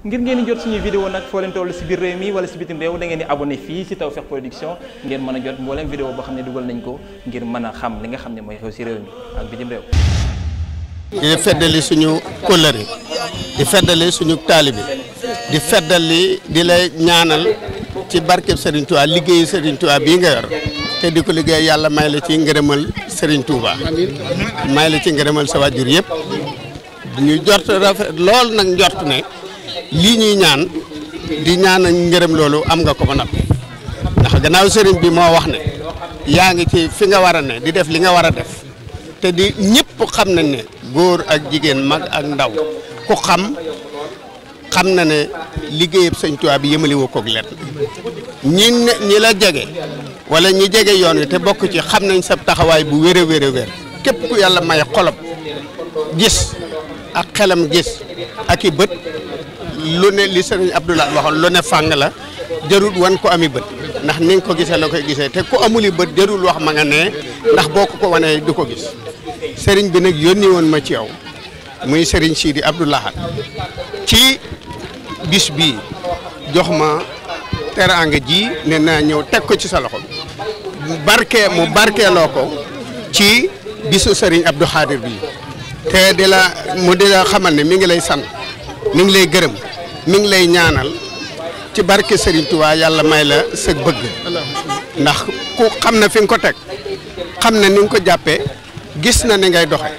ngir ngeen di jot suñuy vidéo nag foo leen toll si biir réew mi wala si bitim réew da ngeen di abonné fii si Tawfekh Production ngeen mën a jot mbooleem vidéo boo xam ne dugal nañ ko ngir mën a xam li nga xam ne mooy xew si réew mi ak bitim réew di feddali suñu kóllëre di feddali suñu taalibi di feddali di la ñaanal ci barkeb Serigne Touba liggéeyu Serigne Touba bii nga yor te di ko liggéey yàlla may la ci ngërëmal Serigne Touba may la ci ngërëmal sa waajur yëpp ñu jort rafet lool nag njort ne lii ñuy ñaan di ñaan ngërëm loolu am nga ko ba noppi ndax gannaaw sëriñ bi moo wax ne yaa ngi ci fi nga war a ne di def li nga war a def te di ñépp xam nañ ne góor ak jigéen mag ak ndaw ku xam xam na ne liggéeyab sëñ Tuubaa bi yëmali woo koog ñi ne ñi la jege walla ñi jege yoon wi te bokk ci xam nañ sab taxawaay bu wér a képp ku yàlla may xolob gis ak xelam gis ak i bët lu ne li sëriñ Abdoulaye waxoon lu ne fàng la jarul wan ko ami bët ndax ni ko gisee la koy gisee te ku amuli bët jarul wax ma nga ne ndax boo ko ko wanee du ko gis sëriñ bi nag yónni woon ma ci yow muy sëriñ Sidi Abdoulaye ci bis bi jox ma teraanga ji ne naa ñëw teg ko ci sa loxo mu mu barkeeloo ko ci bisu sëriñ Abdou Khadir bi te di la mu di la xamal ne mi ngi lay sant. mi ngi lay gërëm mi ngi lay ñaanal ci barke Serigne yàlla may la sëg bëgg ndax ku xam na fi nga ko teg xam na ni nga ko jàppee gis na ni ngay doxe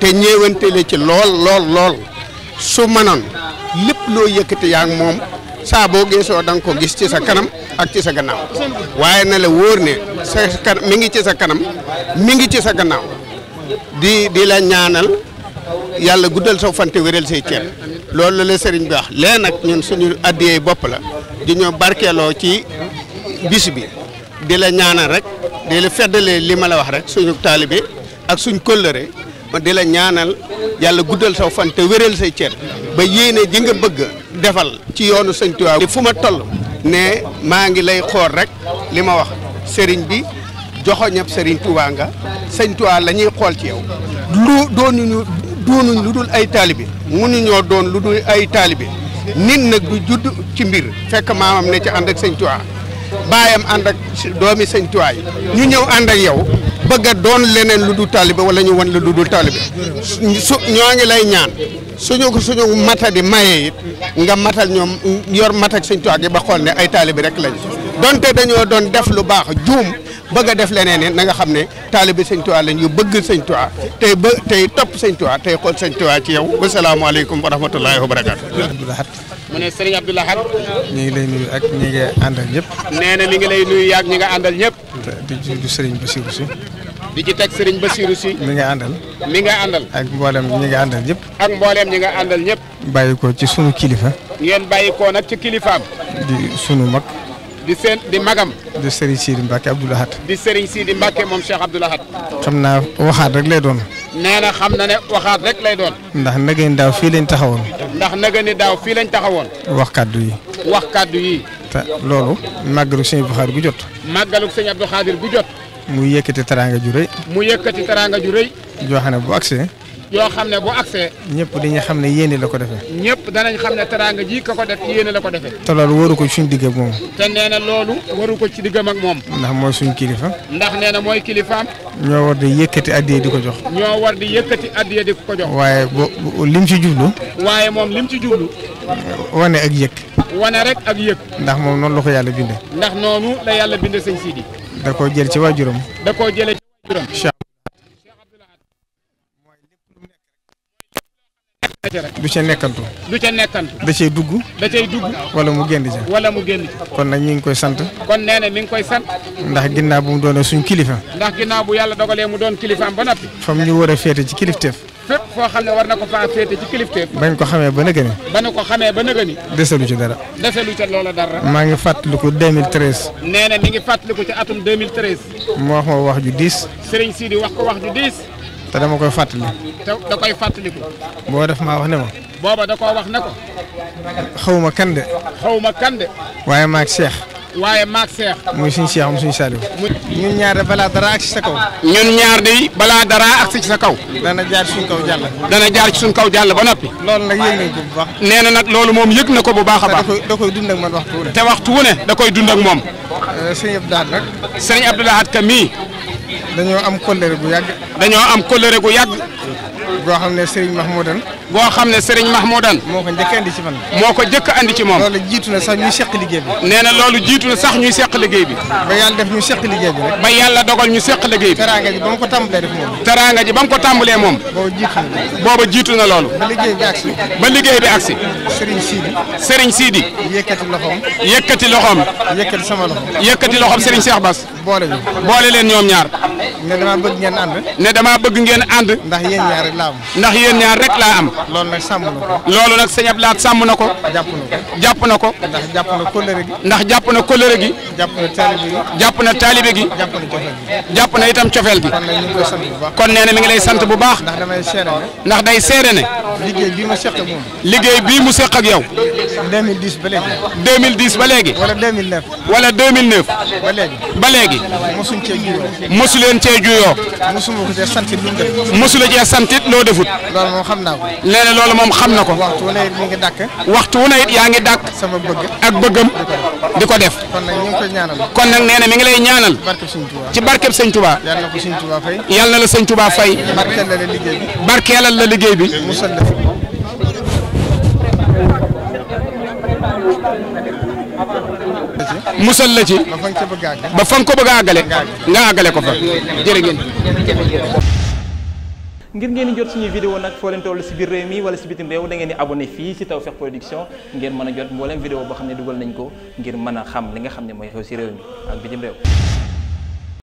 te ñeewante ci lool lool lool su manoon lépp loo yëkkati yaa moom saa boo geesoo da nga ko gis ci sa kanam ak ci sa gannaaw waaye na la wóor ne sa kan mi ngi ci sa kanam mi ngi ci sa gannaaw di di la ñaanal yàlla guddal sa fante wéral say ceeb loolu la sëriñ bi wax léegi nag ñun suñu addiyee bopp la di ñoo barkeeloo ci bis bi di la ñaanal rek di la feddalee li ma la wax rek suñu taalibe ak suñ kóllëre ma di la ñaanal yàlla guddal saw fan te wéral say cër ba yéene ji nga bëgg defal ci yoonu sëñ Tuubaa fu ma toll ne maa ngi lay xool rek li ma wax sëriñ bi joxoñab sëriñ Tuubaa nga sëñ la ñuy xool ci yow lu dul ay taalibe ñoo doon lu dul ay taalibe nit nag du judd ci mbir fekk maamam ne ci ànd ak baayam ànd ak doomi sëñ Tuubaa yi ñu ñëw ànd ak yow bëgg doon leneen lu dul taalibe wala ñu wan la lu dul taalibe su ñoo ngi lay ñaan suñu suñu mata di maye it nga matal ñoom yor matak sëñ Tuubaa gi ba xool ne ay taalibe rek lañ donte dañoo doon def lu baax juum bëgg a def leneen na nga xam ne taalibe sëñ Tuubaa lañ yu bëgg sëñ Tuubaa tey ba tey topp sëñ Tuubaa tey xool sëñ Tuubaa ci yow wasalaamaaleykum wa rahmatulahi wa barakaatu. mu ne Serigne Abdou Lahad. ñu ngi lay nuyu ak ñi nga àndal ñëpp. nee na mi ngi lay nuyu yaag ñi nga àndal ñëpp. di ci di Serigne Bassirou si. di ci teg Serigne Bassirou si. mi nga àndal. mi nga àndal. ak mboolem ñi nga àndal ñëpp. ak mboolem ñi nga àndal ñëpp. bàyyi ci sunu kilifa. ngeen bàyyi ko nag ci kilifaam. di sunu mag. di seen di magam. di Serigne Sidi Mbacke Abdoul Ahad. di Serigne Sidi Mbacke moom Cheikh Abdoul Ahad. xam naa waxaat rek lay doon. nee na xam na ne waxaat rek lay doon. ndax naga ni daaw fii lañ taxawoon. ndax naga ni daaw fii lañ taxawoon. wax kàddu yi. wax kàddu yi. te loolu. màggalu sëñ Abdou Khadir gu jot. màggalu sëñ Abdou Khadir gu jot. mu yëkkati teraanga ju rëy. mu yëkkati teraanga ju rëy. joo xam ne bu àggsee. yoo xam ne bu agsee ñëpp dañuy xam ne yéene la ko defee ñëpp danañ xam ne teraanga ji ka ko def yéene la ko defee te loolu waru ko ci suñ digg ak moom te nee loolu waru ko ci diggam ak moom ndax mooy suñ kilifa ndax nee na mooy kilifaam ñoo war di yëkkati addiye di ko jox ñoo war di yëkkati addiye di ko jox waaye bu lim si jublu waaye moom lim ci jublu wane ak yëg wane rek ak yëg ndax moom noonu la ko yàlla binde ndax noonu yàlla binde sëñ Sidi da koo jël ci waajuram da ca rek. du ca nekkantu. du ca nekkantu. da cay dugg. da cay dugg. wala mu génn ca. wala mu génn ca. kon nag ñu ngi koy sant. kon nee na mi ngi koy sant. ndax ginnaaw bu mu doonee suñ kilifa. ndax ginnaaw bu yàlla dogalee mu doon kilifaam ba noppi. fa mu ñu war a féete ci kilifteef. fépp foo xam ne war na ko faa féete ci kilifteef. bañ ko xamee ba nëgëni. ba na ko xamee ba nëgëni. deselu ci dara. deselu ca loola dara. maa ngi fàttaliku 2013. nee na mi ngi fàttaliku ci atum 2013. mu wax ma wax ju wax ko wax ju te dama koy fàttali. te da koy boo def maa wax ne ma. booba da koo wax ne ko. xaw ma kan de. xaw ma kan de. waaye maag Cheikh. waaye maag Cheikh. muy suñu Cheikh am suñu Saliou. ñun ñaar de balaa dara ak si sa kaw. ñun ñaar de balaa dara ak si sa kaw. dana jaar suñ kaw jàll. dana jaar ci suñ kaw jàll ba noppi. loolu nag yëg nañ ko bu baax. nee na loolu moom yëg na ko bu baax a baax. da koy dundak koy dund ak man wu ne. te waxtu ne da koy dund ak moom. Euh, sëñ Abdou Lahad ka mii. dañoo am kóllëre gu yàgg. dañoo am kóllëre gu yàgg. goo xam ne Serigne Mahmoudan goo xam ne Serigne Mahmoudan moo ko njëkk andi ci man moo ko njëkk andi ci moom loolu jiitu na sax ñuy seq liggéey bi nee loolu jiitu na sax ñuy seq liggéey bi ba yàlla def ñu seq liggéey bi rek ba yàlla dogal ñu seq liggéey bi teraanga ji ba mu ko tàmbalee def moom teraanga ji ba mu ko tàmbalee moom booba jiitu na booba jiitu na loolu ba liggéey bi agsi ba liggéey bi agsi Serigne Sidi Serigne Sidi yëkkati loxoom yëkkati loxoom yëkkati sama loxo yëkkati loxoom Serigne Cheikh Bass boole boole leen ñoom ñaar ne dama bëgg ngeen ne dama bëgg laa ndax yéen ñaar rek laa am. loolu nag sàmm loolu nag sëñ Ablaat sàmm na ko. jàpp na ko jàpp na ko. ndax jàpp na kóllëre gi. ndax jàpp na kóllëre gi. jàpp na taalibe gi. jàpp na taalibe gi. jàpp na cofeel na itam cofeel gi. kon nee na mi ngi lay sant bu baax. ndax damay seere ne. ndax day seere ne. liggéey bii mu seq ak moom. liggéey bii mu seq ak yow. 2010 ba léegi. 2010 ba léegi. wala 2009. wala 2009. ba léegi. ba léegi. mosuñ cee juyoo. mosu leen cee juyoo. mosuma ko cee sant it lu mu def. mosu la cee sant it loo defut. loolu moom xam naa ko. nee na loolu moom xam na ko. waxtu wu ne it mu ngi dàkk. waxtu wu ne it yaa ngi dàkk. sama bëgg. ak bëggam di ko def. kon nag ñu ngi koy ñaanal. kon nag nee na mi ngi lay ñaanal. ci barkeb sëñ Touba. yàlla na ko sëñ Touba fay. yàlla na la sëñ Touba fay. barkeelal la liggéey bi. barkeelal la liggéey bi. musal la fi. musal la ci ba fa nga ko bëgg a àggale nga àggale ko fa jërë ngeen ngir ngeen di jot suñuy vidéo nag foo leen toll si biir réew mi wala si bitim réew da ngeen di abonné fii si Tawfekh Production ngeen mën a jot mbooleem vidéo boo xam ne dugal nañ ko ngir mën a xam li nga xam ne mooy xew si réew mi ak bitim réew